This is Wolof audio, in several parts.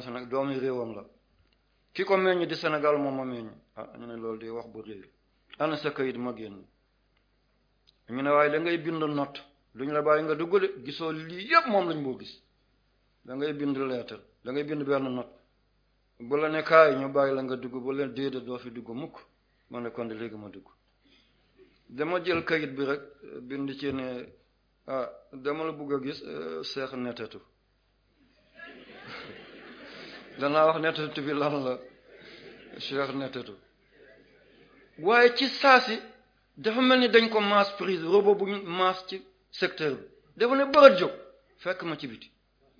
Sénégal doomi réewam la ki ko meññ di senegal moom ma meññ ah ñu ne loolu di wax bu réer ana sa kayit ma génn ñu ne waaye da ngay bind note duñ la bàyyi nga dugg de gisoo lii yëpp moom lañ boo gis dangay bind lettre da ngay bind benn note bu la ne ñu bàyyi la nga dugg bu leen déedéet doo fi dugg mukk ma ne kon de léegi ma dugg dama jël kayit bi rek bind ci ne ah, dama la bugg a gis seex euh, netetu danaa wax nettatu bi lan la cheikh nettatu waaye ci saa si dafa mel ni dañ ko masse prise robot bu ñu masse ci secteur bi dafa ne bërat jóg fekk ma ci biti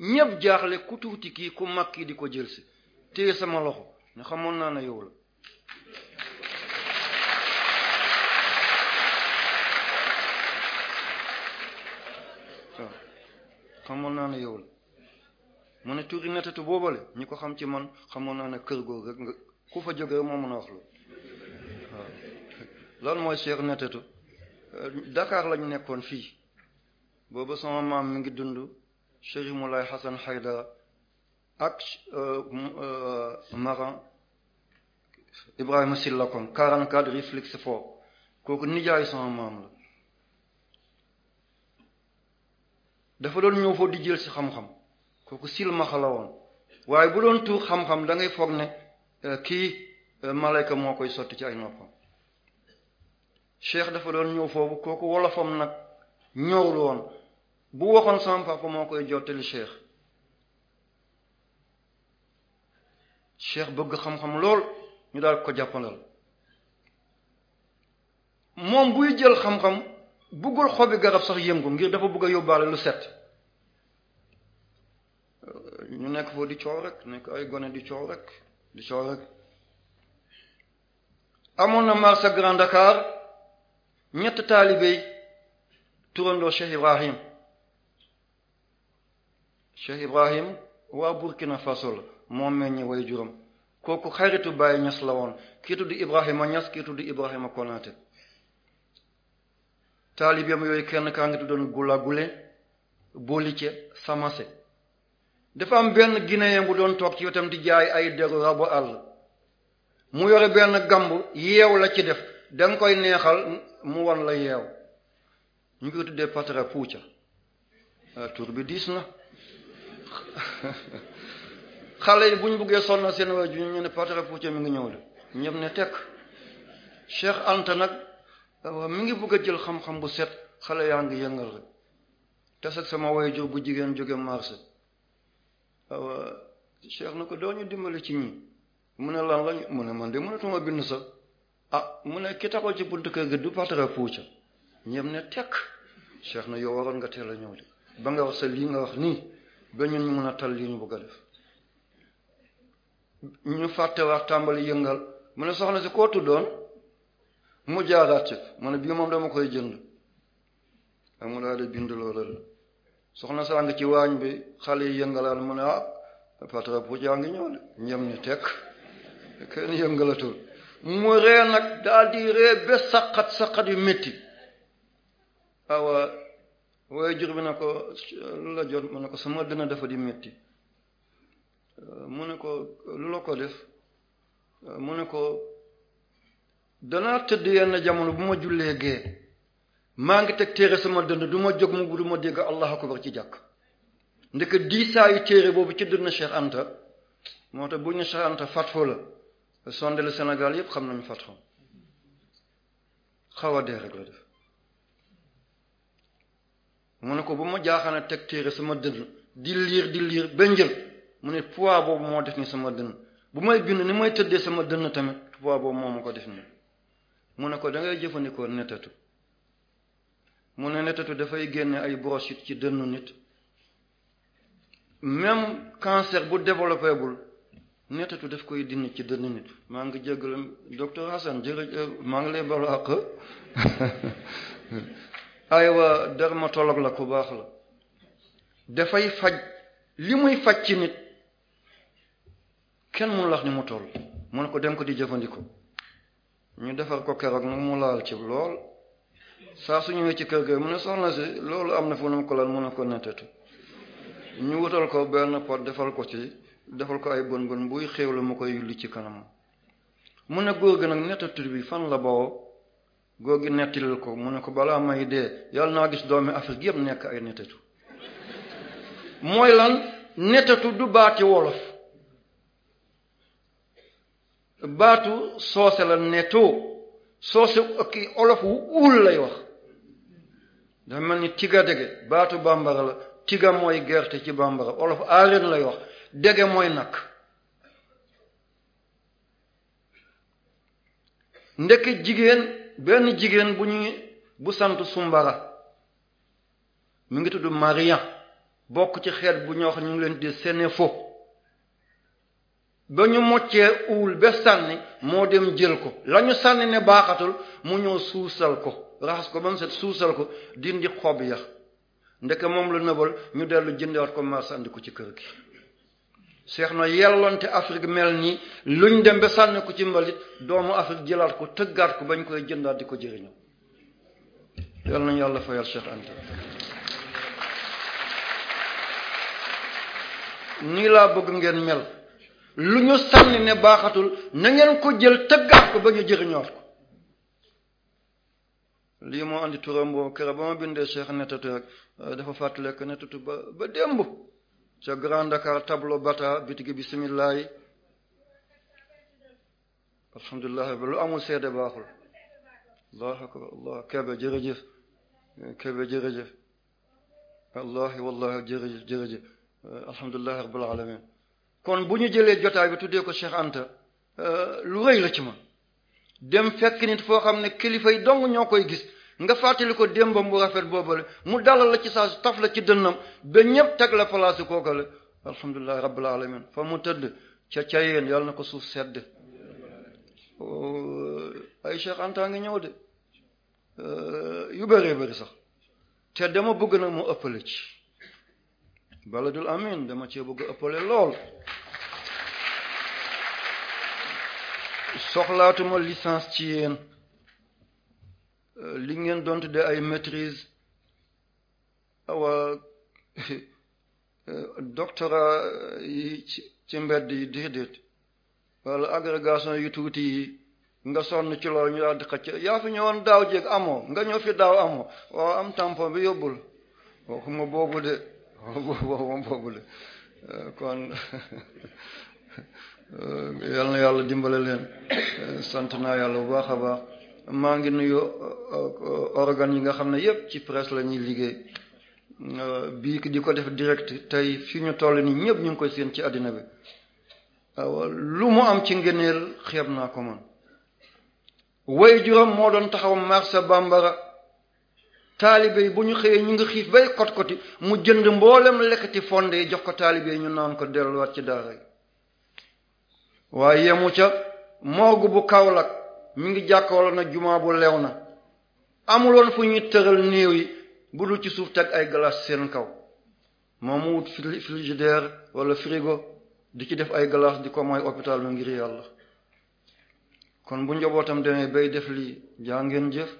ñëpp jaaxle ku tuuti kii ku mag kii di ko jël si téye sama loxo ne xamoon naa ne yow la naa ne yow la mu ne turi netatu boobale ñi ko xam ci man xamoo naa ne kër googu rek nga ku fa jógee moo mën a wax loolu mooy Cheikh netatu dakaar lañu nekkoon fii booba sama maam mi ngi dund Cheikh Moulay Hassan Haydara ak euh, Maran Ibrahima Silla Kong 44 rue Félix Faure kooku nijaayu sama maam la dafa doon ñëw foofu di jël ci xam-xam kooku silmaxa la woon waaye bu doon tuur xam-xam da foog ne euh, kii euh, malayka moo koy sotti ci ak noppam cheikh dafa doon ñëw foofu kooku wolofam nag ñëwul woon bu waxoon sama papa moo koy jottali cheikh cheikh bëgg xam-xam lool ñu daal ko jàppandal moom buy jël xam-xam buggul xobi garab sax yëm ko ngir dafa bëgg a yóbbaale lu set ñu nekk foofu di coow rek nekk ay gone di coow rek di coow rek amoon na marsa Grand Dakar ñett taalibey turandoo Cheikh Ibrahim Cheikh Ibrahim waa Burkina Faso la moo meññi way juróom kooku xaritu Baye Niass la woon kii tudd Ibrahima Niass kii tudd Ibrahima Konaté taalibeem yooyu kenn kaa ngi tuddoon Gula Gule Bolike Samasé dafa am benn guinéen bu doon toog ci wetam di jaay ay deru rabu àll mu yore benn gamb yeew la ci def danga koy neexal mu wan la yeew ñu ngi tuddee patara puuca ah, tur bi diis na xale yi bu ñu buggee sonna seen waa ju ñu ne patara puuca mi ngi ñëw de ñëpp ne tekk Cheikh Anta nag mi ngi bugg a jël xam-xam bu set xale yaa ngi yëngal rek te sax sama waajur bu jigéen jóge marché cheikh na ko doo ñu dimbali ci ñi mu ne lan lañ mu ne man de mënatuma bind sax ah mu ne ki taxaw ci buntu kër gi du patara puuca ñem ne tekk na yow waroon nga teel a ñëw de ba nga wax sa lii nga wax nii ba ñun ñu mën tal lii ñu bëgg a def ñu fàtte wax tàmbali yëngal mu ne soxna si koo tuddoon mu jaaraat ci mu ne bii moom dama koy jënd amul daal di bind loola la soxna saa ngi ci waañ bi xale yi yëngalaan mu ne ah patra bujaa ngi ñëw de ñem ni tekk kenn yëngalatul mu ree nag daal di ree ba saqat saqat yu métti awa waaye jur bi na ko lu la jot mu ne ko sama dina dafa di métti mu ne ko lu la ko def mu ne ko danaa tëdd yenn jamono bu ma jullee gee maa ngi teg téere sama dënn du ma jóg mu du ma dégg allah akbar ci jàkk ndeke diisaayu téere boobu ci dënd Cheikh Anta moo tax bu ñu Cheikh Anta fatfo la sonde le Sénégal yépp xam nañu fatfo xaw a dee rek la def mu ne ko bu ma ne teg téere sama dënd di liir di liir ba mu ne poids boobu moo def ni sama dënn bu may bind ni may tëddee sama dënn tamit poids boobu moo ma ko def nii mu ne ko dangay jëfandikoo nettatu mu ne netatu dafay génne ay brochures ci dënnu nit même cancer bu développé bul netatu daf koy dindi ci dënnu nit maa ngi jégalu docteur Hassan jërëjëf maa ngi lay balu wa aywa dermatologue la ku baax la dafay faj li muy faj ci nit kenn mënu lax ni mu toll mu ne ko dem ko di jëfandikoo ñu defar ko keroog nag mu laal ci lool saa su ñëwee ci kër ga mu ne soxna si loolu am na fu mu ko lan mën a ko nettatu ñu wutal ko benn pot defal ko ci defal ko ay bon bon buy la mu ko yulli ci kanam mu ne góor gi nag nettatu bi fan la bawoo góor gi nettilil ko mu ne ko balaa may dee yàlla naa gis doomi Afrique yëpp nekk ay nettatu mooy lan nettatu du baati wolof baatu soose la netto soose olof wu uul lay wax dafa mel ni tiga dege baatu bambara la tiga mooy gerte ci bambara olof aaren lay wax dege mooy nag ndekk jigéen benn jigéen bu ñu bu sant sumbara mu ngi tudd Maria bokk ci xeet bu ñoo ñu ngi leen di Sénéfo ba ñu moccee uul ba sànni moo dem jël ko la ñu sànni ne baaxatul mu ñëw suusal ko raxas ko ba mu set suusal ko dindi xob ya ndeke moom la nëbal ñu dellu jëndewaat ko marché ci kër gi seex na yelloonte Afrique mel nii luñ dem ba sànni ko ci mbalit doomu Afrique jëlaat ko tëggaat ko bañ koy jëndaat di ko jëriñoo yal nañu yàlla fayal Cheikh Anta nii laa bëgg ngeen mel lu ñu sànni ne baaxatul na ngeen ko jël tëggaat ko ba ñu jëriñoo ko lii moo andi turam boobu ba ma bindee Cheikh Netatu rek euh, dafa fàttaleku Netatu ba ba démb ca Grand Dakar tableau bata bitigi bismillah yi alhamdulilah lu amul seede baaxul allahu akbar allah kebe jërëjëf kebe jërëjëf wallahi wallahi jërëjëf jërëjëf euh, alhamdulilah rabbil alamin kon bu ñu jëlee jotaay bi tuddee ko Cheikh Anta euh, lu rëy la ci ma dem fekk nit foo xam ne kilifa yi dong ñoo koy gis nga fàttali ko démbam bu rafet boobale mu dalal la ci saa taf la ci dënnam ba ñëpp teg la place kookale alhamdulillahi rabbil alamin fa mu tëdd ca ca yéen yàlla na ko suuf sedd euh, ay Cheikh Anta ngi ñëw de euh, yu bëree bëri sax te dama bëgg nag mu ëppale ci Beledul amin, da moće Boga ëppale lool soxlaatuma licence ci yéen li ngeen doon de ay maîtrise awa doctorat yi ci mbedd yi déedéet wala agrégation yi tuuti yi nga sonn ci lool ñu daal di xëcc yaa fi ñëwoon daaw jéeg amoo nga ñëw fi daaw amoo waaw am tampon bi yóbbul waxuma boobu de boobu moom foogule kon euh, yal na yàlla dimbale leen euh, sant naa yàlla bu baax a baax maa ngi nuyu euh, organes yi nga xam ne yëpp ci presse la ñuy liggéey bii di ko def direct tey fi ñu toll nii ñëpp ñu ngi koy séen ci àddina bi lu mu am ci ngëneel xeeb naa ko man way juróom moo doon taxaw marsa bambara taalibe yi bu ñu xëyee ñu ngi xiif bay kotkoti mu jënd mboolem lekkati fonde yi jox ko taalibe yi ñu naan ko delluwaat ci daara yi waaye yemu ca morgue bu Kaolack mi ngi jàkkaarloo na jumaa bu lew na amuloon tëral néew yi bu ci suuf teg ay glace seen kaw moom mu wut wala frigo di ci def ay glace di ko may hôpital bi ngir yàlla kon bu njabootam demee bay def lii jaa ngeen jëf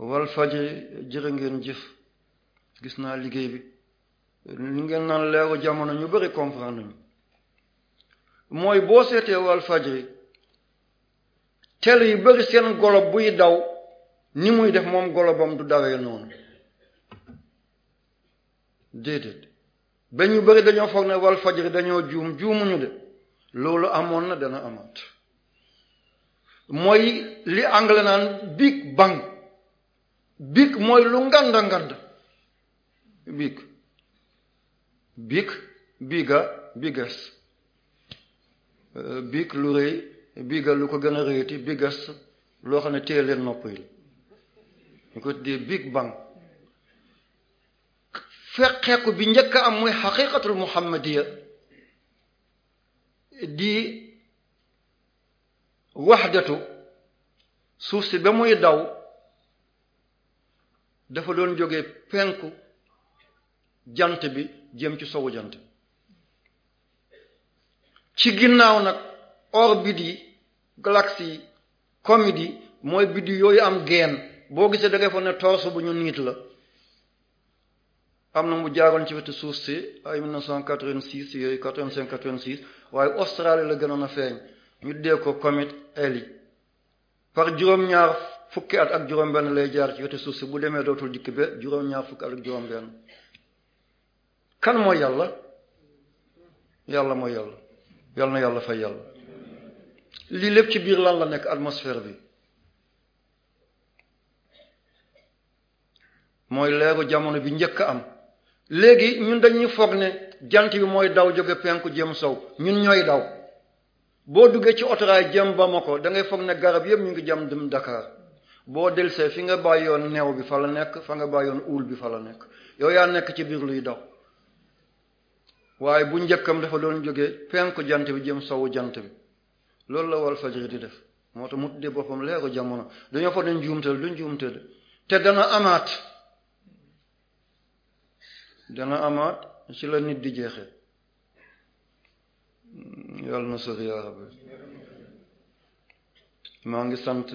wal fajri jërë ngeen jëf gis naa liggéey bi li ngeen naan leeru jamono ñu bëri comprendre ñu mooy boo seetee wal fajri tel yu bëri seen golob buy daw ni muy def moom golobam du dawee noonu déedéet ba ñu bëri dañoo foog ne wal fajri dañoo juum juumuñu de loolu amoon na dana amat mooy li anglais naan big bang biig mooy lu nganda ngand biig biig biiga bigas euh, biig lu lu ko gën a rëyati bigas loo xam ne téye leen nopp yi ko tuddee big bang fekkeeku bi njëkk am muy xaqiqatul muhammadiya di waxdatu suuf si ba muy daw dafa doon jóge penku jant bi jëm ci sowu jant ci ginnaaw nag orbite yi galaxie yi comète yi mooy biddi yooyu am geen boo gisee da ngay foog ne torse bu ñu niit la am na mu jaaroon ci wetu suuf si ay 1986 yooyu 85 86 waaye Australie la gënoon a feeñ ñu dee ko comète Halley par juróom-ñaar fukki at ak juróom-benn lay jaar ci wetu suuf si bu demee dootul dikk ba juróom-ñaar fukki at ak juróom-benn kan mooy yàlla yàlla mooy yàlla yàlla na yàlla fay yàlla lii lépp ci biir lan la nekk atmosphère bi mooy leeru jamono bi njëkk am léegi ñun dañuy foog ne jant bi mooy daw jóge penku jëm sow ñun ñooy daw boo duggee ci otoraay jëm ba ma ko da foog ne garab yëpp ñu ngi jam dem Dakar boo delsee fi nga bàyyoon new bi fa la nekk fa nga bàyyoon uul bi fa la nekk yow yaa nekk ci biir luy daw waaye bu njëkkam dafa doon jóge penku jant bi jëm sow jant bi loolu la wal fajri di def moo tax mu tuddee boppam leeru jamono dañoo fa ne njuumte du njuumte de te dana amaat dana nit di jeexee yàlla na sori yaa maa ngi sant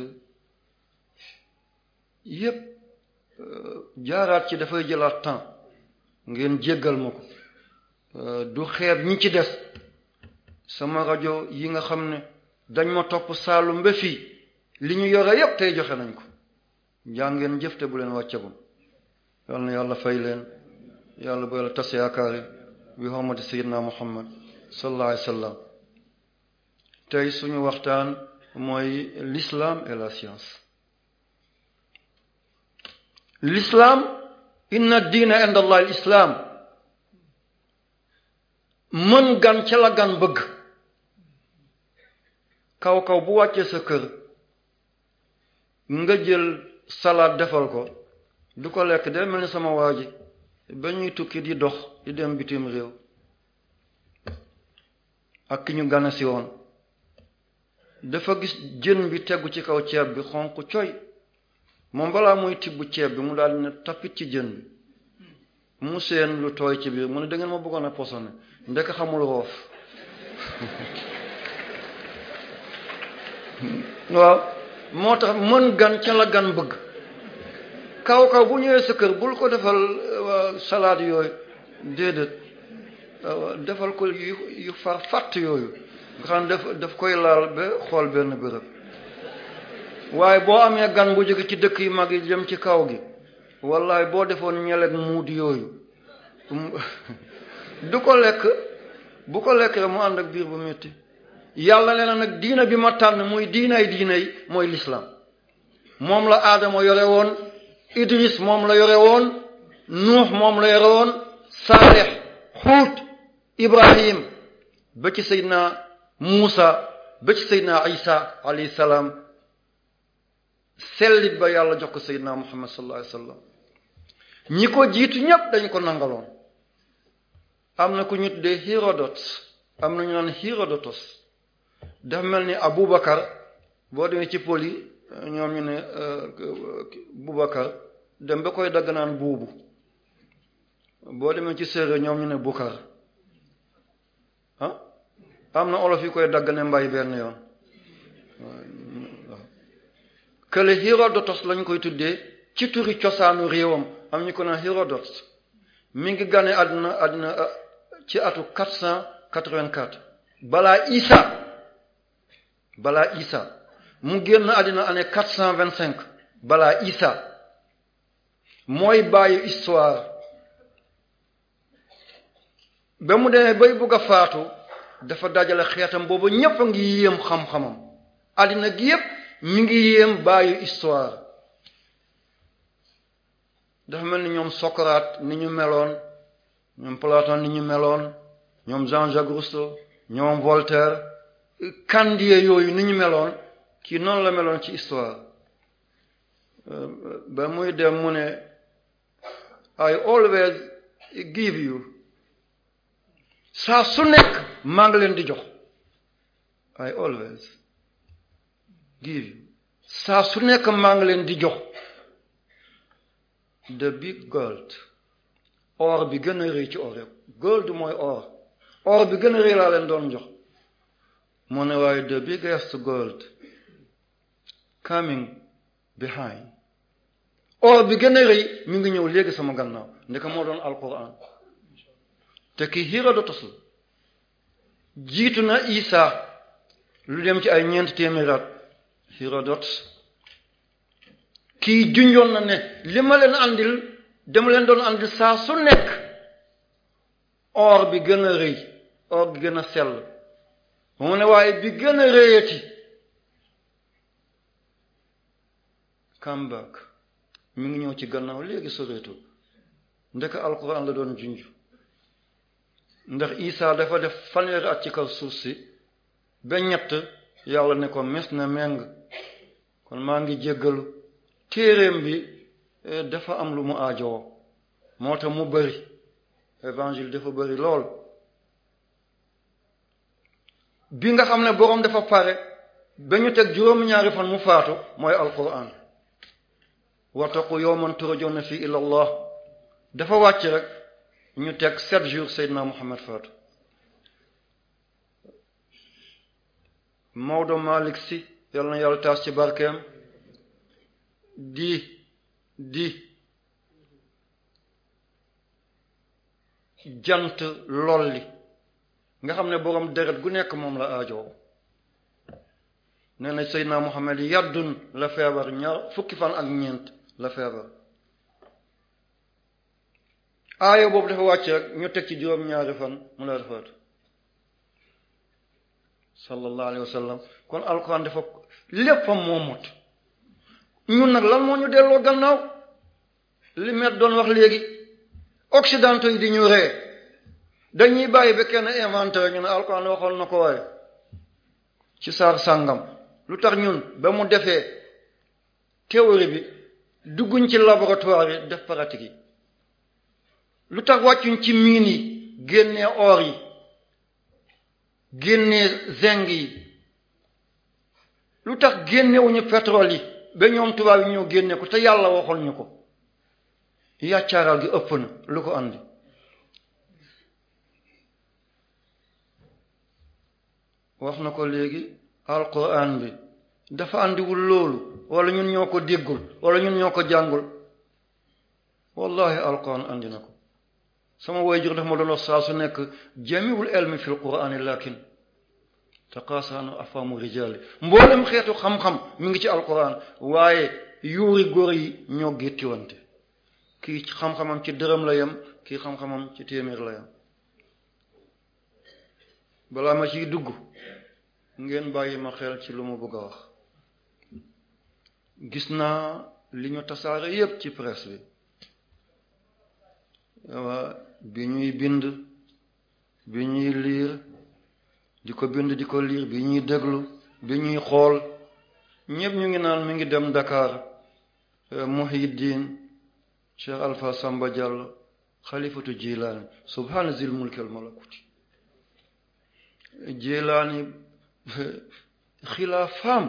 yépp euh, jaaraat ci dafay jëlaat temps ngeen jéggal ma ko euh, du xeer ñi ci des sama rajo yi nga xam ne dañ ma topp saalum ba fii li ñu yore yépp tey joxe nañ ko jaa ngeen bu leen wàccagum yal na yàlla fay leen yàlla bu yàlla tas yaakaari bi xormati sayidna muhammad sallallahu alayhi tey suñu waxtaan mooy l'islam et la science l'islam inna diina indallah islaam mën gan ca la gan bëgg kaw kaw bu wàccee sa kër nga jël salaat defal ko du ko lekk day mel ni sama waa ba ñuy tukki di dox di dem bitim réew ak ki ñu gana si woon dafa gis jën bi tegu ci kaw ceeb bi xonq coy moom balaa muy tibb ceeb bi mu daan ne tappit ci jën bi mu seen lu tooy ci biir mu ne dangeen ngeen ma bëggoon a posone ndek xamul roof waaw moo tax mën gan ca la gan bëgg kaw kaw bu ñëwee sa kër bul ko defal euh, salade yooyu déedéet euh, defal ko yu far fàtt yooyu nga xam daf daf koy laal ba xool benn bërëb waaye boo amee gan bu jóge ci dëkk yu mag yi jëm ci kaw gi wallahi boo defoon ñeleg muud yooyu um, du ko lekk bu ko lekkee mu ànd ak biir bu metti yàlla nee na nag diina bi ma tànn muy diinay diina yi mooy lislaam moom la aadama yore woon idris moom la yore woon nuux moom la yore woon saalix xuut ibrahim ba ci seydna muusa ba ci seydna isa alayhi salaam sellit ba yàlla jox ko seydina muhammad sallallahu alayhi wasallam ñi ko jiitu ñépp dañ ko nangaloon am na ku ñu tuddee Hérodote am na ñu naan Hérodotos dafa mel ni Aboubacar boo demee ci pôl yi ñoom ñu ne euh, Boubacar dem ba koy dagg naan buubu boo demee ci séeréer ñoom ñu ne Bukar ah am na olof yi koy dagg ne mbay benn yoon kële Hérodotos lañu koy tuddee ci turi cosaanu réewam am ñu ko naan Hérodote mi ngi gane àdduna àddina euh, ci atu 484 balaa Isa balaa Isa mu génn àdduna année 425 balaa Isa mooy bàyyi histoire ba mu demee bay bugg a faatu dafa dajale xeetam boobu ñépp a ngi yéem xam-xamam gi yépp mi ngi yéem bàyyi histoire dafa mel ni ñoom Socrate ni ñu meloon ñoom Platon ni ñu meloon ñoom Jean-Jacques Rousseau ñoom Voltaire Candie yooyu ni ñu meloon kii noonu la meloon ci histoire euh, ba muy dem mu ne I always give you saa su nekk maa ngi leen di jox I gi saa su nekk maa ngi leen di jox the big gold or bi gën a rëy ci or yëpp gold mooy or or bi gën a rëy laa leen doon jox moo ne waaye the biggest gold coming behind or bi gën a rëy mi ngi ñëw léegi sama gannaaw ndeka moo doon alquran te ki Hérodotos jiitu na Isa lu dem ci ay ñeent téeméeraat Hérodote kii junjoon na ne li ma leen andil dama leen doon andil saa su nekk or bi gën a rëy or bi gën a sell mu ne waaye bi gën a rëyati kambak mu ngi ñëw ci gannaaw léegi soreetu ndek alquran la doon junj ndax Isa dafa def fanweeri at ci kaw suuf si ba ñett yàlla ne ko mes na meng kon maa ngi jéggalu téeréem bi eh, dafa am lu mu aajoo moo tax mu bëri évangile dafa bari lool bi nga xam ne boroom dafa pare ba ñu teg juróom-ñaari fan mu faatu mooy alquran wattaqu yawman turjauna fi ila allah dafa wàcc rek ñu teg sept jours seydina muhammad faatu Maodo Malick Sy yal na yàlla taas ci barkeem di di jant lolli nga xam ne boroom deret gu nekk moom la aajoo nee na Seydina Muhammad yaddun la feebar ñaar fukki fan ak ñeent la feebar aayo boobu dafa wàcc rek ñu teg ci juróom ñaari fan mu la faatu sallallahu alayhi wa sallam kon alxuraan dafa léppam moo mot ñun nag lan moo ñu delloo gannaaw li met doon wax léegi occidentaux yi di ñu ree dañuy bàyyi ba kenn inventeur ñu ne alxuraan waxoon na ko waaye ci saar sàngam lu tax ñun ba mu defee théorie bi dugguñ ci laboratoire bi def pratique yi lu tax wàccuñ ci miin yi génnee or yi génne zinc yi lu tax génnewuñu petrol yi ba ñoom tubaab yi ñoo génne ko te yàlla waxoon ñu ko yàccaaral gi ëpp na lu ko andi wax na ko léegi alquran bi dafa andiwul loolu wala ñun ñoo ko déggul wala ñun ñoo ko jàngul wallahi alquran andi na ko sama waajur dafa ma doon wax saa su nekk jamiul ilmi fil qur'ani lakin taqaasaanu afaamu rijaali mboolem xeetu xam-xam mi ngi ci alquran waaye yuuri góor yi ñoo géttiwante kii xam-xamam ci dërëm la yem kii xam-xamam ci téeméer la yem balaa ma ciy dugg ngeen bàyyi ma xel ci lu ma bëgg a wax gis naa li ñu tasaare yépp ci presse bi waa bi ñuy bind bi ñuy liir di ko bind di ko liir bi ñuy déglu bi ñuy xool ñëpp ñu ngi naan mi ngi dem Dakar eh, Muhiddin Cheikh Alpha Samba Diallo xalifatu Jilaani subhaana zil mulki al malakuti Jilaani eh, xilaafaam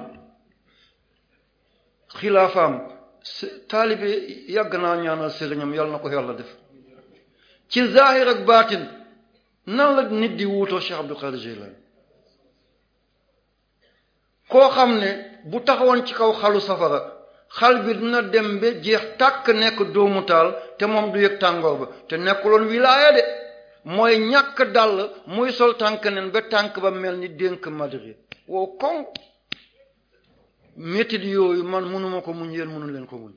xilaafaam taalibe yàgg naa ñaanal sëriñam yàlla na ko yàlla def ci zaahir ak baatin nan la nit di wuutoo Cheikh Abdul Qadir Jilaani koo xam ne bu taxawoon ci kaw xalu safara xal bi dina dem ba jeex tàkk nekk doomu taal te moom du yëg tàngoor ba te nekkuloon wilaaya de mooy ñàkk dàll muy sol tànk nen ba tànk ba mel ni dénk madrid wow koŋ métit yooyu man mënuma ko muñ yéen mënu leen ko muñ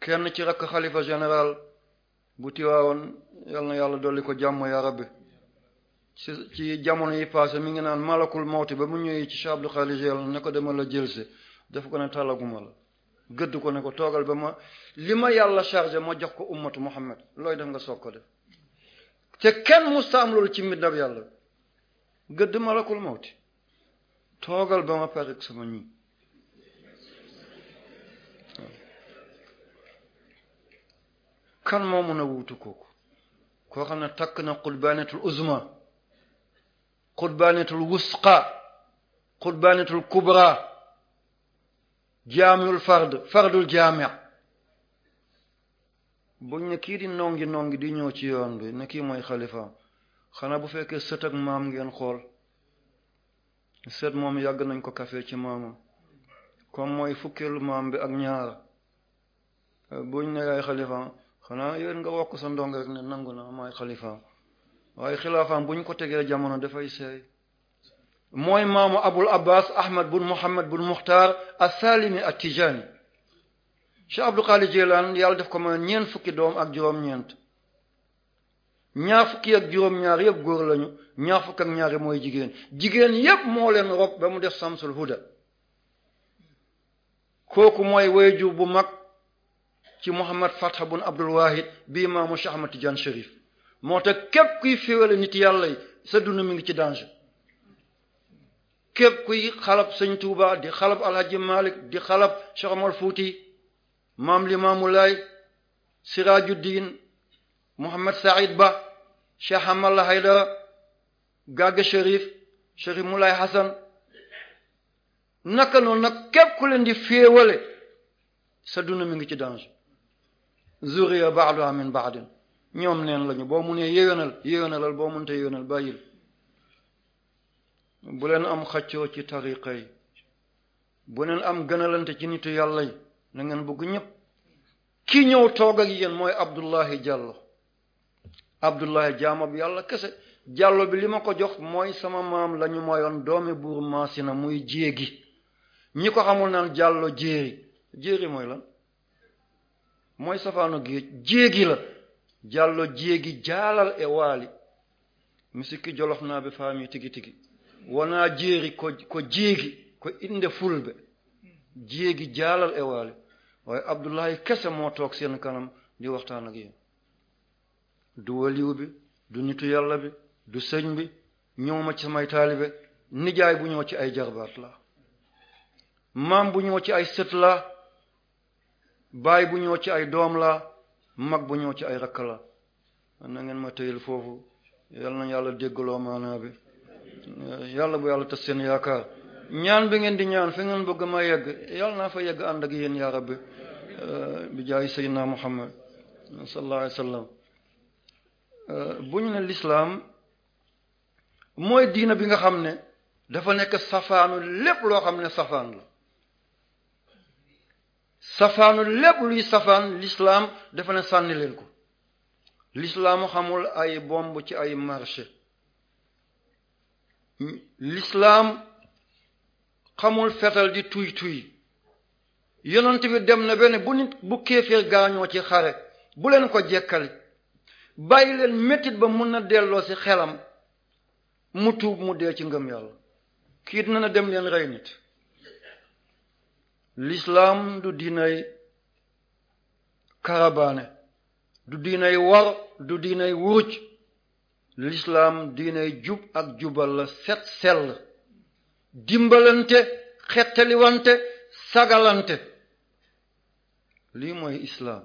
kenn ci rakk xalifa général bu tiwaawoon yal na yàlla dolli ko jàmm yaa bi ci ci jamono yi passé mi ngi naan malakul mawti ba mu ñëwee ci Cheikh Abdou Khadre Jeylani ne ko dama la jëlsi daf ko ne talaguma la gëdd ko ne ko toogal ba ma li ma yàlla chargé ma jox ko ummatu Muhammad looy def nga soog ko def te kenn mu am loolu ci mbindab yàlla gëdd malakul mawti toogal ba ma pare sama ñi kan moo mën a wuutu kooku koo xam ne takk na qulbanatul uzma qurbaanatul wusqa qurbaanatul kubra jaamiul fard fardul jaami buñ ne kii di nongi nongi di ñëw ci yoon bi ne kii mooy xalifaam xanaa bu fekkee sët ak maam ngeen xool sët moom yàgg nañ ko kafe ci maamam comme mooy fukkeelu maam bi ak ñaar buñ ne yaay xalifaam xanaa yéen nga wokk sa ndong rek ne nangu na maay xalifaam waaye xilaafaam bu ñu ko tegee jamono dafay seey mooy maamu abul abbas ahmad bun muhammad bun muxtaar asalimi attijaani cheikh abdul qadir jilaan yàlla def ko ma ñeent fukki doom ak juróom-ñeent ñaar fukki ak juróom-ñaar yëpp góor lañu ñaar fukk ak ñaari mooy jigéen jigéen yëpp moo leen rob ba mu def samsul huda kooku mooy wayjur bu mag ci muhammad fatha bun abdul wahid bi maamu cheikh ahmad tijaan sharif moo tax képp kuy féewale nit yàlla yi sa dund mi ngi ci danger képp kuy xalab sëñ Tuuba di xalab Alhaji Malik di xalab Cheikh Omar Fouti maam Limaamu Laay Sirajuddin Mohamed Saïd Ba Cheikh Amalla Haydara Gaga Chérif Chérif Moulay Hassan naka noonu nag képp ku leen di sa dund mi ngi ci danger zuriya ba'duha min ba'din ñoom neen lañu boo munee yéwénal yéwénalal boo munte yéwénal bàyyil bu leen am xaccoo ci tariqa yi bu leen am gënalante ci nitu yàlla yi na ngeen bëgg ñëpp ki ñëw toog ak yéen mooy Abdullahi Diallo Abdullahi jaama yàlla kese Diallo bi li ma ko jox mooy sama maam la ñu mayoon doomi buur maasina muy jéegi ñi ko xamul naan Diallo jéeri jéeri mooy lan mooy safaano géej jéegi la jallo jeegi jaalal e waali mi sikki jolofnaaɓe faami e tigi tigi wonaa jeeri ko ko jeegi ko innde fulɓe jeegi jaalal e waali waaye abdullahi kese moo toog seen kanam di waxtaan ak yéen du waliw bi du nitu yàlla bi du sëñ bi ñëw ci samay taalibe nijaay bu ñëw ci ay jarbaat la maam bu ñëw ci ay sët la baay bu ñëw ci ay doom la mag bu ñëw ci ay rakk la na ngeen ma tëyil foofu yal na yàlla déggaloo maanaa bi yàlla bu yàlla tas seen yaakaar ñaan bi ngeen di ñaan fi ngeen bëgg ma yegg yàlla naa fa yegg ànd ak yéen yaa rabbi bi jaay sayyidina muhammad sallallahu alayhi wasallam bu ñu ne lislaam mooy diina bi nga xam ne dafa nekk safaanu lépp loo xam ne safaan la safaanu lépp luy safaan l'islam dafa ne sànni leen ko l'islaamu xamul ay bomb ci ay marché l'islaam xamul fetal di tuy tuy yonent bi dem na benn bu nit bu kéeféer gaañoo ci xare bu leen ko jekkali bàyyi leen mettit ba mun na delloo ci xelam mu tuub mu dee ci ngëm yàlla kii dina na dem leen rey nit lislaam du diinay karabaane du diinay war du diinay wuruj lislaam diinay jub ak jubal la set sell dimbalante xettaliwante sagalante lii mooy islaam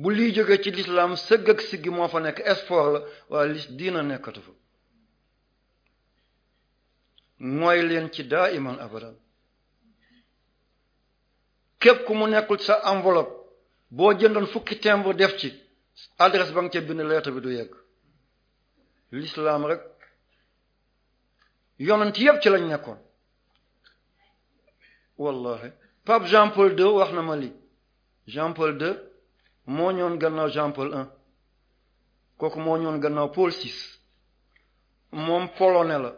bu lii jóge ci lislaam sëgg ak siggi moo fa nekk espoir la waaye lis diina nekkatu fa mooy leen ci daa iman abadan képp ku mu nekkul ci sa enveloppe boo jëndoon fukki timbre def ci adresse ba nga ca bind lettre bi du yegg l'islam rek yonent yëpp ci lañ nekkoon wallahi pape Jean Paul II wax na ma li Jean Paul II moo ñoon gannaaw Jean Paul I kooku moo ñoon gannaaw Paul VI moom polonais la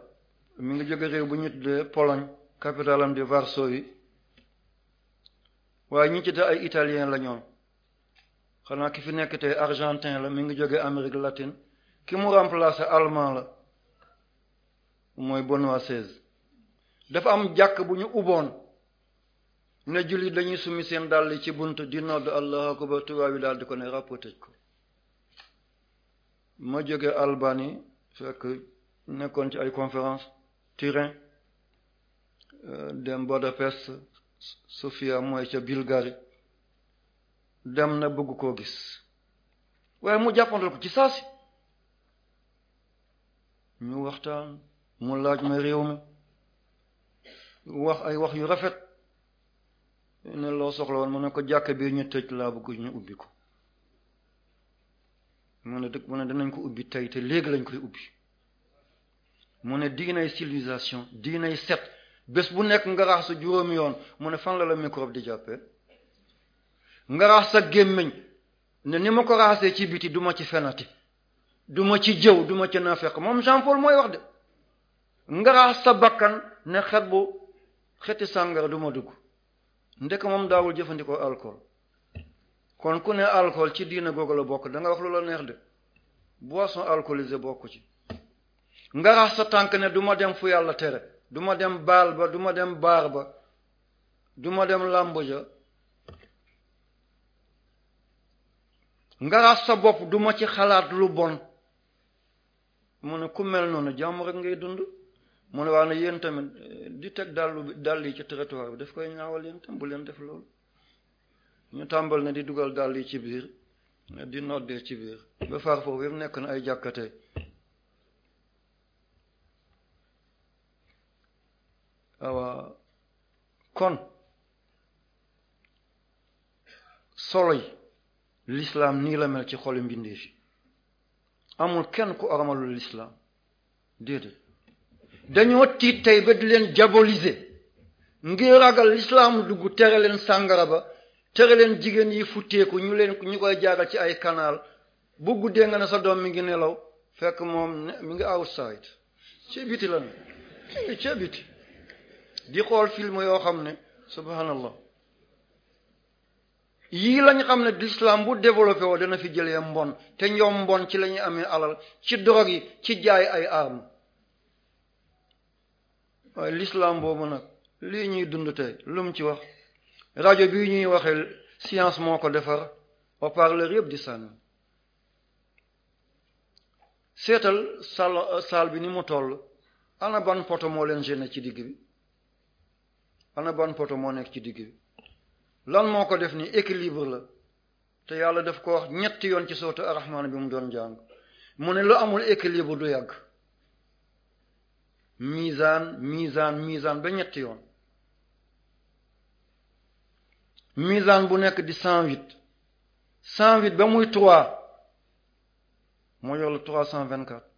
mi ngi jóge réew bu ñu tuddee Pologne capitale am Varsovie waaye ñi ci te ay italien la ñoom xanaa ki fi nekk argentin la mi ngi jógee Amérique latine ki mu remplacer allemand la mooy Benoît XVI dafa am jàkk bu ñu uboon ne jullit dañuy summi seen dàll ci bunt di nodd allah akbar tubaab daal di ko ne ràpp ko ma jóge Albanie fekk nekkoon ci ay conférence Turin euh, dem Budapest Sofia mooy ca Bulgarie dem na bëgg koo gis waaye mu jàppandal ko ci saasi ñu waxtaan mu laaj ma réew mi wax ay wax yu rafet ne loo soxla woon mu ne ko jàkk bi ñu tëj laa bëgg ñu ubbi ko mu ne dë mu ne danañ ko ubbi tey te léegi lañ koy ubbi mu ne diinay civilisation diinay set bés bu nekk nga sa juróomi yoon mu ne fan la microbe di jàppee nga sa gémmiñ ne ni ma ko raxasee ci biti duma ci fenati duma ci jëw duma ci fekk moom Jean Paul mooy wax de nga sa bakkan ne xet bu xeti sàngara duma dugg ndekk moom daawul jëfandikoo alcool kon ku ne alcool ci diina googu la bokk da nga wax lu la neex de boisson alcoolisée bokku ci nga sa tànk ne duma dem fu yàlla tere du ma dem baal ba du ma dem baar ba du ma dem làmb ja ngaraas sa bopp duma ci xalaat lu bon mu ne ku mel noonu jàmm rek ngay dund mu ne waa ne yéen tamit di teg dàllu bi dàll yi ci trottoir bi daf koy ñaawal yéen bu leen def loolu ñu tàmbal na di dugal dàll yi ci biir di noddee ci biir ba far foofu yëpp nekk na ay jàkkatee kon solo yi lislaam nii la mel ci xolu mbindeef amul kenn ku ormalul lislaam déedéet dañoo tiit tey ba di leen diaboliser ngir ragal lislaam dugg tere leen sàngara ba tere leen jigéen yi futteeku ñu leen ñu koy jaaral ci ay kanaal bu guddee nga ne sa doom mi ngi nelaw fekk moom mi ngi outside ci biti la ne ci di xool film yoo xam ne subhanallah yii lañ xam ne l'islam bu développé woo dana fi jëlee mbon te ñoom mbon ci la amee alal ci drogue yi ci jaay ay armes waaye l'islam boobu nag lii ñuy dund tey lu mu ci wax rajo bi ñuy waxee science moo ko defar ba parleur yëpp di sànni seetal sal saal bi ni mu toll ana ban poto moo leen gêné ci digg bi ana ban poto moo nekk ci digg lan moo ko def ni équilibre la te yàlla def ko wax ñetti yoon ci sootu arrahman bi mu doon jàng mu ne lu amul équilibre du yàgg misaan misaan misaan ba ñetti yoon misaan bu nekk di cent huit cent huit ba muy trois moo yor la trois cent vingt-quatre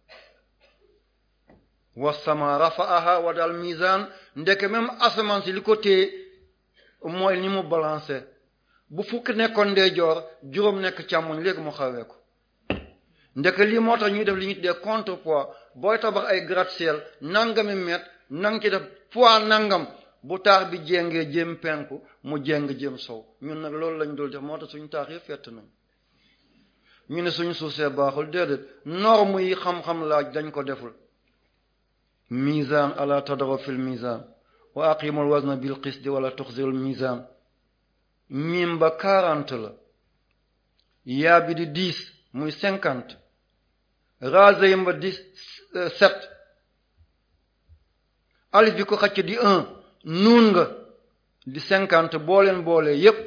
wasama rafaaha wa daal misaan ndeke même asamaan si li ko téye mooy ni mu balancé bu fukk nekkoon ndeyjoor juróom nekk càmmoñ léegi mu xawee ko ndeke lii moo tax ñuy def li ñuy contre contrepoids booy tabax ay gratte-ciel nangami mètre nang ci def pois nangam bu taax bi jéngee jëm penku mu jéng jëm sow ñun nag loolu lañ dul def moo tax suñu taax yi fett nañ ñu ne suñu suuf see baaxul déedéet norme yi xam-xam laaj dañ ko deful mizan ala tadro fil mizan wa aqimul wazna bil qisti wala tuxzirul mizan miim ba quarante la yaa bi di dix muy cinquante razayim ba di sept alif bi ko xacc di un nuun nga di cinquante booleen boolee yépp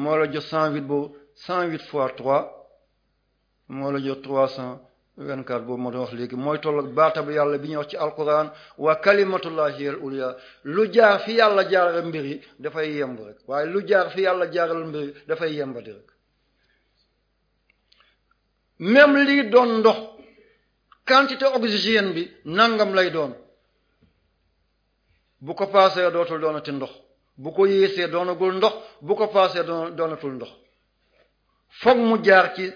moo la jox cent huit boobu cent huit fois trois moo la trois cent vingt-quatre boobu moo wax léegi mooy toll ak baatab yàlla bi ñuy wax ci alquran wa kalimatullahi al ulya lu jaar fi yàlla jaaral mbir yi dafay yemb rek waaye lu jaar fi yàlla jaaral mbir yi dafay yembadi rek même lii doon ndox quantité oxygène bi nangam lay doon bu ko paasee dootul doonati ndox bu ko yéesee doonagul ndox bu ko paasee doon doonatul ndox foog mu jaar ci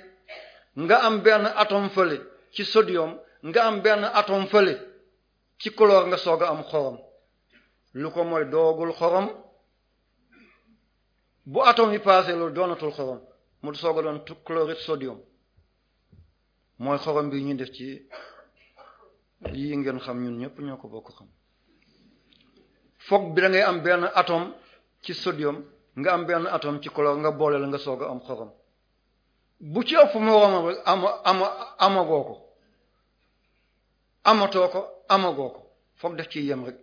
nga am benn atome fële ci sodium nga am benn atome fële ci chlore nga soog a am xorom lu ko mooy doogul xorom bu atome yi passé loolu doonatul xorom mu soog a doon chlorure sodium mooy xorom bi ñu def ci yi ngeen xam ñun ñëpp ñoo ko bokk xam foog bi da am benn atome ci sodium nga am benn atome ci chlore nga boole la nga soog a am xorom bu ci ëpp morooma ama ama amagoo ko amatoo ko amagoo ko foog def ci yem rek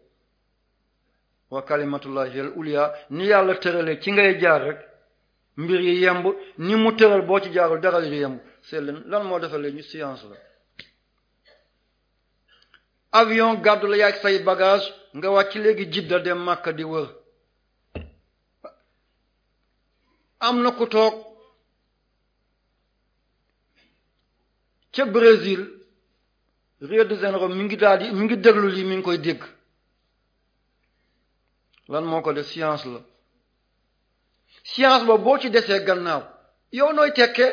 wa kalimatullahi al ulya ni yàlla tëralee ci ngay jaar rek mbir yi yemb ni mu tëral boo ci jaarul dara yi yemb c'est lan moo defalee ñu science la avion gàddu la yaag say bagage nga wàcc léegi jidda dem màkka di wër am na ku toog ca Brésil Rio de Janeiro mi ngi daal di mu ngi déglu lii mu ngi koy dégg lan moo ko def science la science ba boo ci desee gannaaw yow nooy tekkee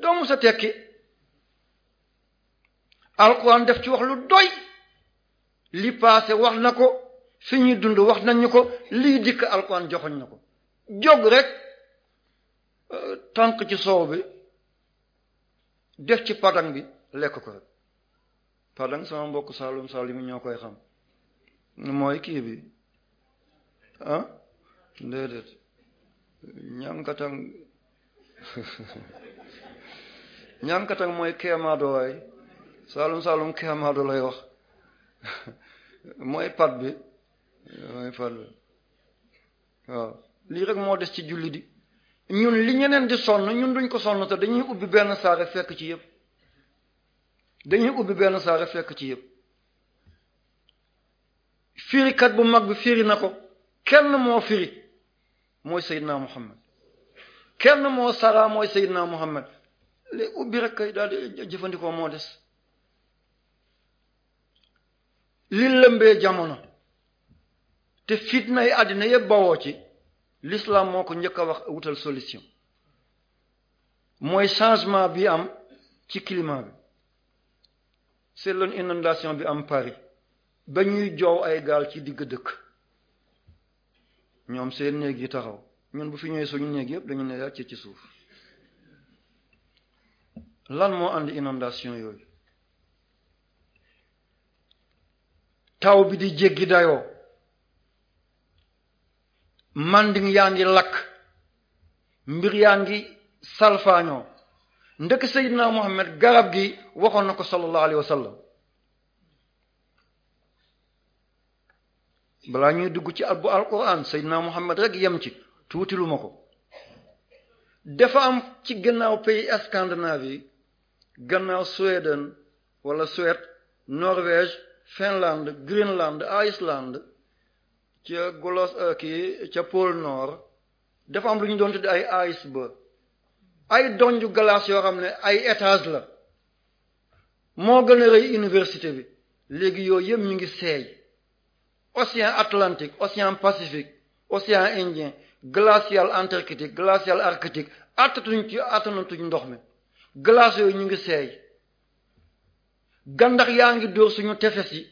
doo musa tekki alquran def ci wax lu doy li passé wax na ko fi ñuy dund wax nañu ko lii dikk alquran joxoñ na ko jóg rek euh, tànk ci soow bi def ci padang bi lekk ko rek padang sama mbokk saalum saalum yi ñoo koy xam mooy kii bi ah déedéet ñankatang ñankatang mooy keemaado waay saalum saalum keemaado lay wax mooy pat bi mooy pat bi waaw lii rek moo des ci julli di ñun li ñeneen di sonn ñun duñ ko sonn te dañuy ubbi benn saare fekk ci yëpp dañuy ubbi benn saare fekk ci yëpp firikat bu mag bi firi na ko kenn moo firi mooy Seydina Muhammad kenn moo sara mooy Seydina Muhammad li ubbi rek kay daal di jëfandikoo moo des li lëmbee jamono te fitnay àddina yëpp bawoo ci l'islam moo ko njëkk a wax wutal solution mooy changement bi am ci climat bi seetloon inondation bi am Paris ba ñuy joow ay gaal ci digg dëkk ñoom seen néeg yi taxaw ñun bu fi ñëwee suñu néeg yëpp dañu ne yàcce ci suuf lan moo andi inondation yooyu taw bi di jéggi dayoo manding yaa ngi lakk mbir yaa ngi salfaañoo ndëkk Seydina Muhammad garab gi waxoon na ko sallallahu alayhi wa balaa ñuy dugg ci ab bu alquran Seydina Muhammad rek yem ci tuuti lu ko dafa am ci gannaaw pays Scandinavie gannaaw Suède wala Suède Norvège Finlande Greenland Iceland ca golos euh, kii ca pôle nord dafa am lu ñu doon tudde ay iceberg ay donju glace yoo xam ne ay étage la moo gën a rëy université bi léegi yooyu yëpp mi ngi seey océan Atlantique océan Pacifique océan Indien glacial antarctique glacial arctique attatuñ ci attanatuñ ndox mi glace yooyu ñu ngi seey gandax yaa ngi dóor suñu tefes yi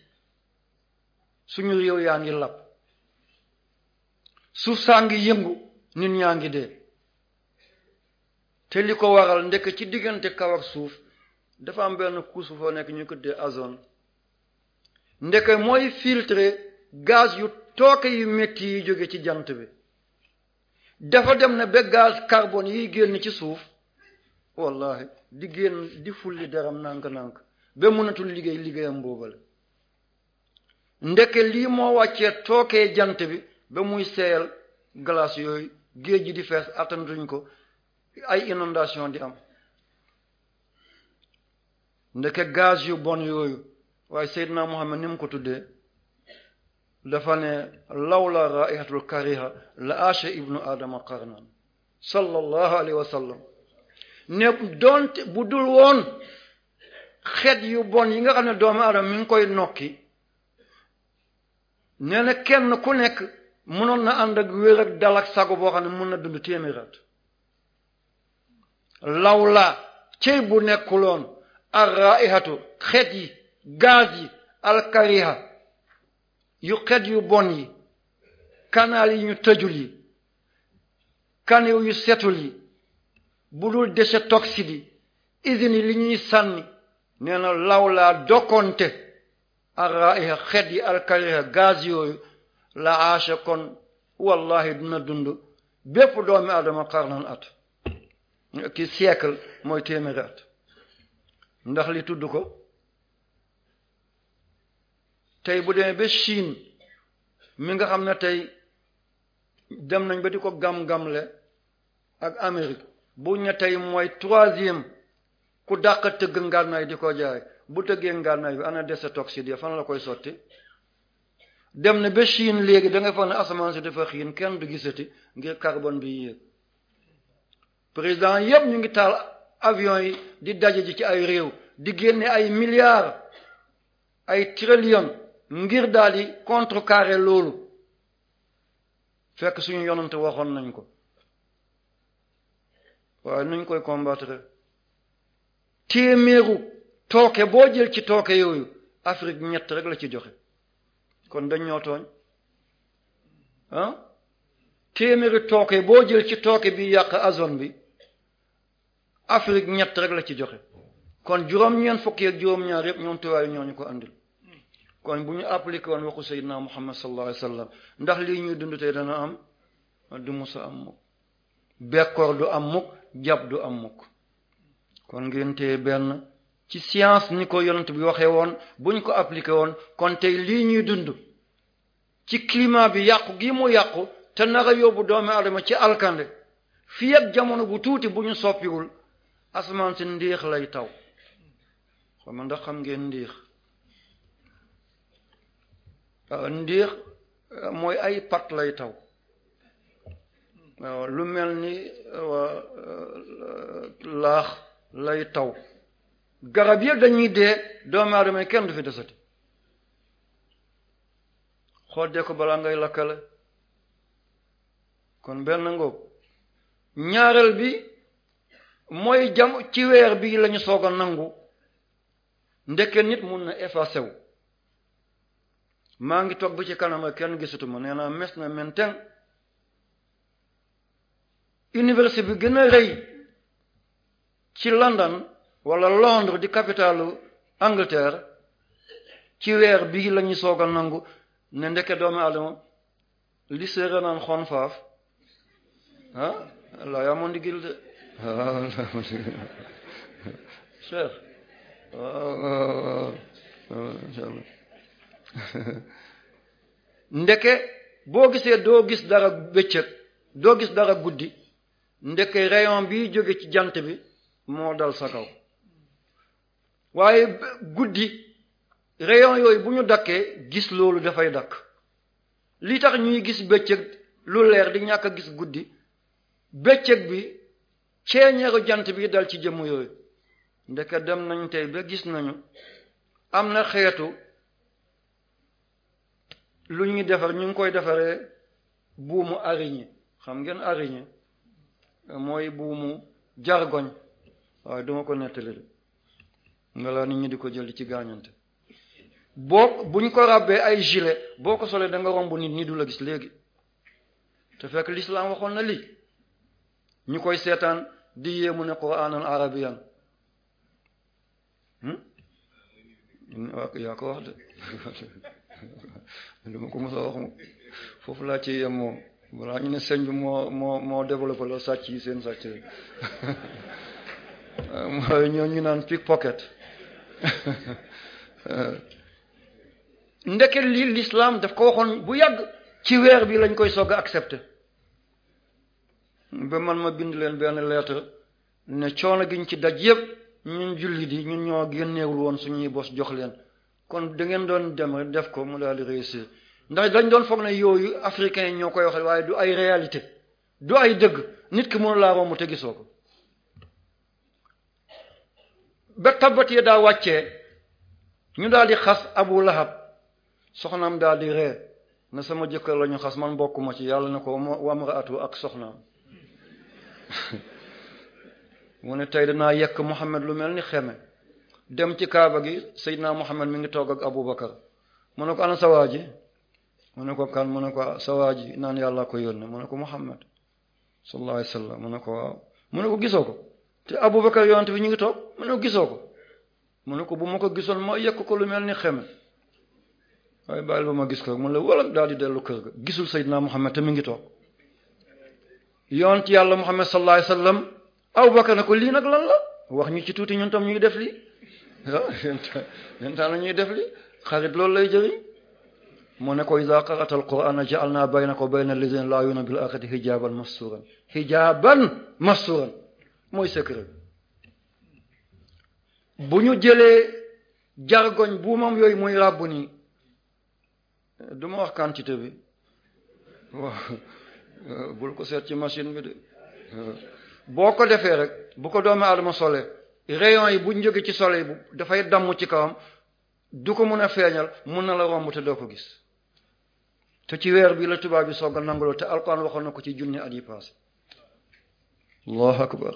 suñu réew yaa ngi lapp suuf saa ngi yëngu nit ñaa ngi dee te li ko waral ndekk ci diggante kaw suuf dafa am benn couche foo nekk ñu ko dee azone ndekk mooy filtre gaz yu tooke yu metti yi jóge ci jant bi dafa dem na ba gaz karbon yi génn ci suuf wallahi di génn di fulli deram nànk-nànk ba mënatul liggéey liggéeyam boobale ndekk li moo wàccee tooke jant bi ba muy seeyal glace yooyu géej gi di fees attanatuñ ko ay inondation di am ndeke gaz yu bon yooyu waaye Seydina Muhammad ni mu ko tuddee dafa ne lawla raihatul kariha la asha ibnu adama qarnan sallallahu alayhi wa ne doonte bu dul woon xeet yu bon yi nga xam ne doomu aadama mi ngi koy nokki nee na kenn ku nekk mënoon na ànd ak wér ak dal ak sago boo xam ne mën na dund téeméer at lawla cey bu nekkuloon ar raihatu xeet yi gaz yi alkariha yu xeet yu bon yi kanaal yi ñu tëjul yi kaniw yu setul yi bu dul déchet toxique yi usines yi li ñuy sànni nee na lawla dokkonte ar raiha yi alkariha gaz yooyu la aasha kon wallahi dina dund bépp doomi adama xarnan at ki siècle mooy téeméeri at ndax li tudd ko tey bu demee ba Chine mi nga xam ne tey dem nañ ba di ko gam gam le ak Amérique bu ñu tey mooy troisième ku dàq tëgg ngànnaay di ko jaay bu tëggee ngànnaay bi ana dese toxide fan la koy sotti dem na ba Chine léegi da nga foog ne asamaan si dafa xiin kenn du gisati ngir carbon bi yéeg président yëpp ñu ngi taal avion yi di daje ji ci ay réew di génne ay milliards ay trillions ngir daal di carré loolu fekk suñu yonante waxoon nañ ko waaye nuñ koy combattre téeméeru tooke boo jël ci tooke yooyu Afrique ñett rek la ci joxe kon dañ ñoo tooñ ah téeméeri tooke boo jël ci tooke bi yàq azone bi Afrique ñett rek la ci joxe kon juróom-ñeent fukki ak juróom-ñaar yëpp ñoom tuwaayu ñoo ñu ko andil kon bu ñu appliqué woon waxu Seydina Muhammad sallallahu alayhi wa sallam ndax lii ñuy dund tey dana am du musa am mukk bekkoor du am mukk jàpp du am mukk kon ngeen téye benn ci science ni ko yonent bi waxee woon bu ñu ko appliqué woon kon tey lii ñuy dund ci climat bi yàqu gi mu yàqu te nara yóbbu doomi adama ci alkande fii ak jamono bu tuuti bu ñu soppiwul asamaan si ndiix lay taw xam ndax xam ngeen ndiix ah, ndiix ah, mooy ay pat lay taw ah, lu mel ni laax lay taw garab yëpp dañuy dee doomu aadama kenn du fi desati xool dee ko bala ngay lakkale kon benn ngóob ñaareel bi mooy jam ci weer bi lañu soog a nangu ndekke nit mun na effacé wu maa ngi toog ba ci kanama kenn gisatuma nee naa mes na menten université bi gën a rëy ci London wala Londres di capitalu Angleterre ci weer bi lañuy ñuy soog a nangu ne ndeke doomu adama li séeré naan xon faaf ah, ndeke boo gisee doo gis dara bëccëg doo gis dara guddi ndeke rayon bi jóge ci jant bi moo dal sa kaw waaye guddi rayon yooyu bu ñu dakkee gis loolu dafay dakk li tax ñuy gis bëccëg lu leer di ñàkk a gis guddi bëccëg bi ceeñeeru jant bi dal ci jëmm yooyu ndeke dem nañ tey ba gis nañu am na xeetu lu ñuy defar ñu ngi koy defaree buumu araignée xam ngeen araignée mooy buumu jargoñ waaye duma ko nettali ngelaw nit ñi di ko jël ci gaañante boo buñ ko ràbbee ay gilet boo ko solee danga romb nit ñi du la gis léegi te fekk l'islam waxoon na lii ñu koy seetaan di mu ne qur'aanan arabiyan hmm? yaa ko wax de lu ma ko mos a wax mu foofu laa ci yem moom voilà ñu ne sëñ bi moo moo moo développé la sàcc yi seen sàcc yi ñoo ñu naan pickpocket ndeke lii lislaam daf ko waxoon bu yàgg ci weer bi lañ koy soog a accepté ba man ma bind leen benn lettre ne coono giñ ci daj yëpp ñun julli di ñu ñoo génneewul woon su suñuy bos jox leen kon da ngeen doon dem rek def ko mu daal di réussir ndax dañ doon foog na yooyu africain yi ñoo koy waxee waaye du ay réalité du ay dëgg nit ki mënu la romb te gisoo ko ba tabbat ya daa wàcce ñu daal di xas abu lahab soxnaam daal di ree na sama jëkkër la ñu xas man bokkuma ci yàlla na ko wamraatu ak soxnaam mu ne tey danaa yekk Muhammad lu mel ni xeme dem ci kaaba gi Seydina Muhammad mi ngi toog ak Abu Bakar mu ne ko ana sawaaji mu ne ko kan mu ne ko sawaaji naan yàlla ko yónne mu ne ko Muhammad sallallahu alayhi wasallam mu ne ko waaw mu ne ko gisoo ko te Abubakar yonent bi ñu ngi toog ne ko gisoo ko mu ne ko bu ma ko gisoon moo yekk ko lu mel ni xeme waaye bàyyil ba ma gis ko mun la wala daal di dellu kër ga gisul Seydina Muhammad te mi ngi toog yonent yàlla Muhammad sallallahu alayhi wasallam Abubakar ne ko lii nag lan la wax ñu ci tuuti ñun tam ñuy def lii ñun tam ñuy def lii xarit loolu lay jëriñ mu ne ko iza qara'ta al-Qur'ana ja'alna baynaka wa bayna allazina la yu'minuna bil akhirati hijaban masturan hijaban masturan mooy secret bu ñu jëlee jargoñ buumam yooyu muy ràbb nii duma wax quantité bi waaw bul ko seet ci machine bi de boo ko defee rek bu ko doomi aadama sole rayon yi bu ñu jóge ci soleil bu dafay damm ci kawam du ko mun a feeñal mun na la romb te doo ko gis te ci weer bi la tubaab bi soog a nangaloo te alquran waxoon na ko ci junni at yi passé allahu akbar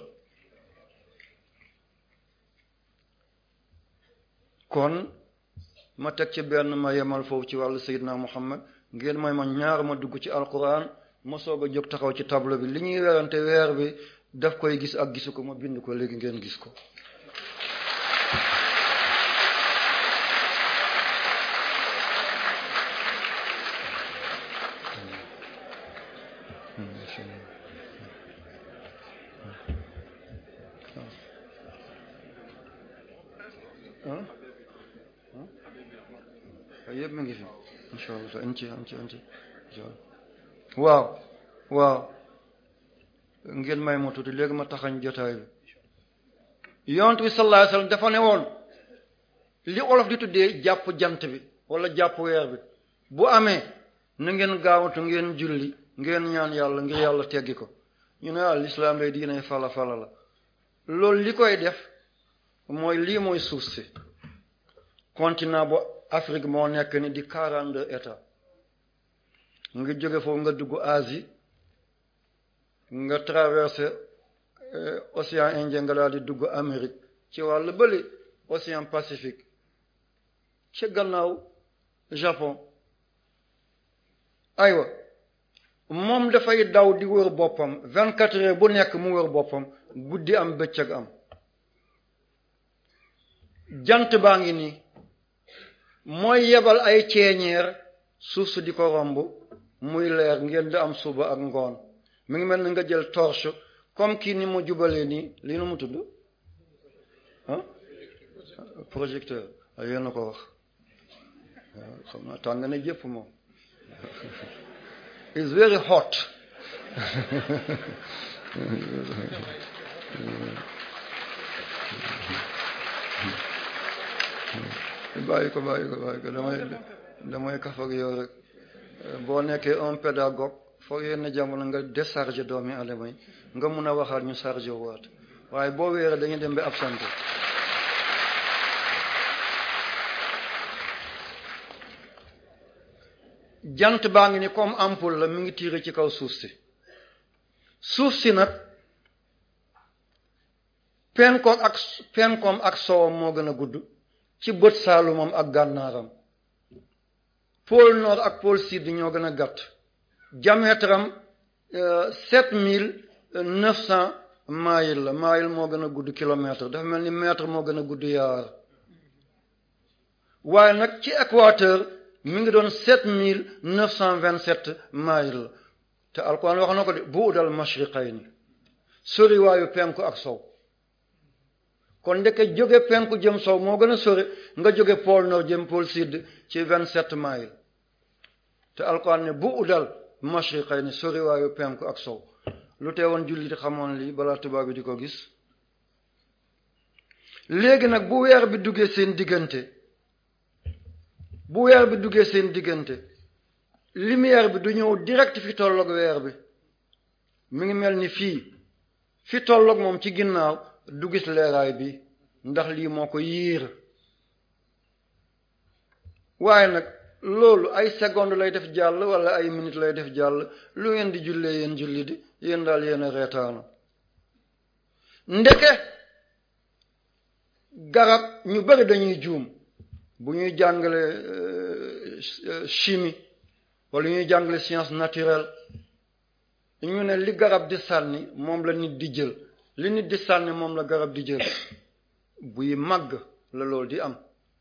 kon ma teg ci benn ma yemal foofu ci wàllu Seydina Muhammad ngeen mooy ma ñaar ma dugg ci alkuraan ma soog a jóg taxaw ci tableau bi li ñuy werante weer bi daf koy gis ak gisu ko ma bind ko léegi ngeen gis ko nchi nchi nchi waaw waaw ngeen may ma tuuti léegi ma taxañ jotaay bi yonent bi sallallahu woon li olof di tuddee jàpp jant bi wala jàpp weer bi bu amee na ngeen gaawatu ngeen julli ngeen ñaan yàlla ngir yàlla teggi ko ñu ne ah l'islam day diine fala fala la loolu li koy def mooy lii mooy suuf si continent bu Afrique moo nekk ni di quarante-deux états ngi jóge foofu nga dugg Asie nga traversé eh, océan Indien nga daal dugg Amérique ci wàll bële océan Pacifique ci gannaaw Japon aywa moom dafay daw di wër boppam vingt quatre bu nekk mu wër boppam guddi am bëccëg am jant baa ngi nii mooy yebal ay ceeñeer suuf si di ko romb muy leer ngeen am suba ak ngoon mi ngi mel ni nga jël torche comme kii ni mu jubalee nii lii nu mu tudd ah projecteur a yéen ko wax ah, xam naa tàng na jëpp moom it's very hot bàyyi ko damay damay kaf ak boo nekkee un pédagogue foo yenn jamono nga décharger doomi aadama yi nga mun a waxaat ñu chargé waat waaye boo weeree dañuy dem ba absenté jant baa ngi ni comme ampoule la mi ngi tiire ci kaw suuf si suuf si nag penkoom ak penkoom ak soowam moo gën a gudd ci bët saalumam ak gànnaaram pôle nord ak pôle sud ñoo gën a gàtt diamètre am euh, sept mille neuf cent maayil la maayil moo gën a gudd kilomètre dafa mel ni mètre moo gën a gudd yaar waaye nag ci équateur mi ngi doon sept mille neuf cent vingt sept maayil la te alquran wax na ko de bu udal mashriqayni sori waayu penku ak sow kon ndeke jóge penku jëm sow moo gën a sore nga jóge pool nord jëm pôle sud ci vingt sept miles te alquran ne bu udal mashriqay ne sori waayu penku ak sow lu teewoon jullit xamoon li balaa tubaab bi di ko gis léegi nag bu weer bi duggee seen diggante bu weer bi duggee seen diggante lumière bi du ñëw direct fi tollook weer bi mi ngi mel ni fii fi tollook moom ci ginnaaw du gis leeraay bi ndax lii moo ko yiir waaye nag loolu ay seconde lay def jàll wala ay minute lay def jàll lu ngeen di jullee yéen julli di yéen daal yéen a reetaanu ndeke garab ñu bari dañuy juum bu ñuy jàngale euh, chimie wala ñuy jàngale science naturelle ñu ne li garab di sànni moom la nit di jël li nit di sànni moom la garab di jël buy màgg la lool di am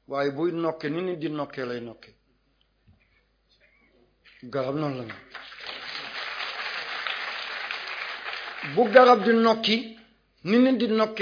waaye buy nokke ni nit di nokke lay nokke garab noonu la mel bu garab di nokki ni nit di nokke